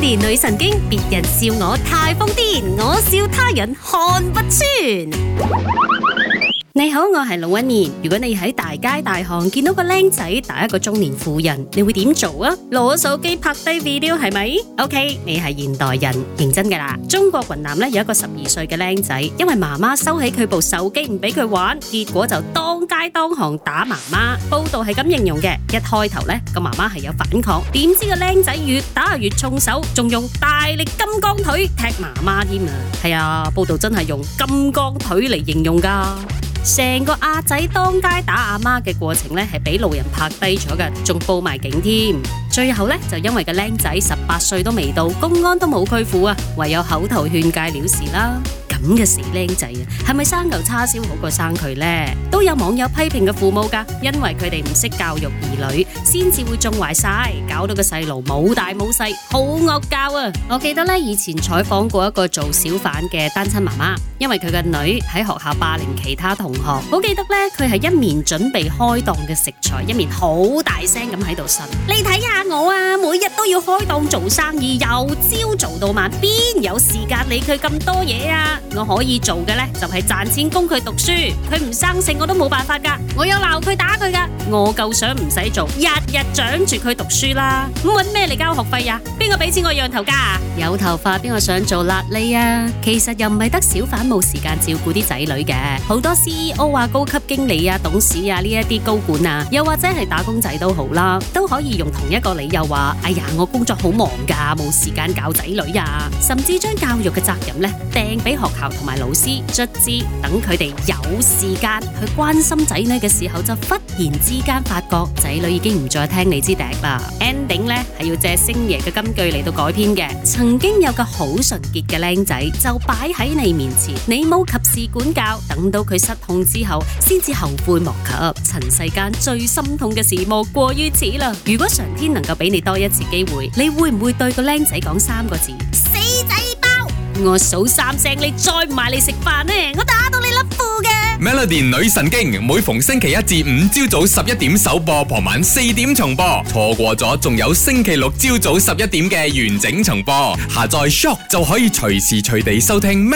女神經，別人笑我太瘋癲，我笑他人看不穿。你好，我係龍紋敏。如果你喺大街大巷見到個僆仔打一個中年婦人，你會點做啊？攞手機拍低 video 係咪？OK，你係現代人認真噶啦。中國雲南呢有一個十二歲嘅僆仔，因為媽媽收起佢部手機唔俾佢玩，結果就當街當行打媽媽。報道係咁形容嘅：一開頭呢個媽媽係有反抗，點知個僆仔越打越重手，仲用大力金剛腿踢媽媽添啊？係、哎、啊，報道真係用金剛腿嚟形容噶。成個阿仔當街打阿媽嘅過程呢，係俾路人拍低咗嘅，仲報埋警添。最後呢，就因為個靚仔十八歲都未到，公安都冇拘捕啊，唯有口頭勸誡了事啦。咁嘅死僆仔啊，係咪生牛叉燒好過生佢呢？都有網友批評嘅父母噶，因為佢哋唔識教育兒女，先至會縱壞晒，搞到個細路冇大冇細，好惡教啊！我記得呢，以前採訪過一個做小販嘅單親媽媽，因為佢嘅女喺學校霸凌其他同學，好記得呢，佢係一面準備開檔嘅食材，一面好大聲咁喺度呻，你睇下我啊！每日都要開檔做生意，由朝做到晚，邊有時間理佢咁多嘢啊？我可以做嘅呢，就係、是、賺錢供佢讀書，佢唔生性我都冇辦法噶。我有鬧佢打佢噶，我夠想唔使做，日日掌住佢讀書啦。咁搵咩嚟交學費啊？邊個俾錢我養頭家噶、啊？有頭髮邊個想做癩痢啊？其實又唔係得小販冇時間照顧啲仔女嘅，好多 CEO 啊、高級經理啊、董事啊呢一啲高管啊，又或者係打工仔都好啦，都可以用同一個理由話、啊。哎呀，我工作好忙噶，冇時間教仔女啊，甚至將教育嘅責任咧掟俾學校同埋老師，卒之等佢哋有時間去關心仔女嘅時候，就忽然之間發覺仔女已經唔再聽你支笛啦。ending 咧係要借星爺嘅金句嚟到改編嘅，曾經有個好純潔嘅僆仔就擺喺你面前，你冇及時管教，等到佢失控之後，先至後悔莫及。塵世間最心痛嘅事莫過於此啦。如果上天能夠俾你多一，次機會,你會唔會對個僆仔講三個字?死仔包!我數三聲,你再唔埋嚟食飯!我打到你甩褲嘅! Melody, 女神經,每逢星期一至五,朝早十一點首播,傍晚四點重播!錯過咗,仲有星期六,朝早十一點嘅完整重播!下載 Shock, 就可以隨時隨地收聽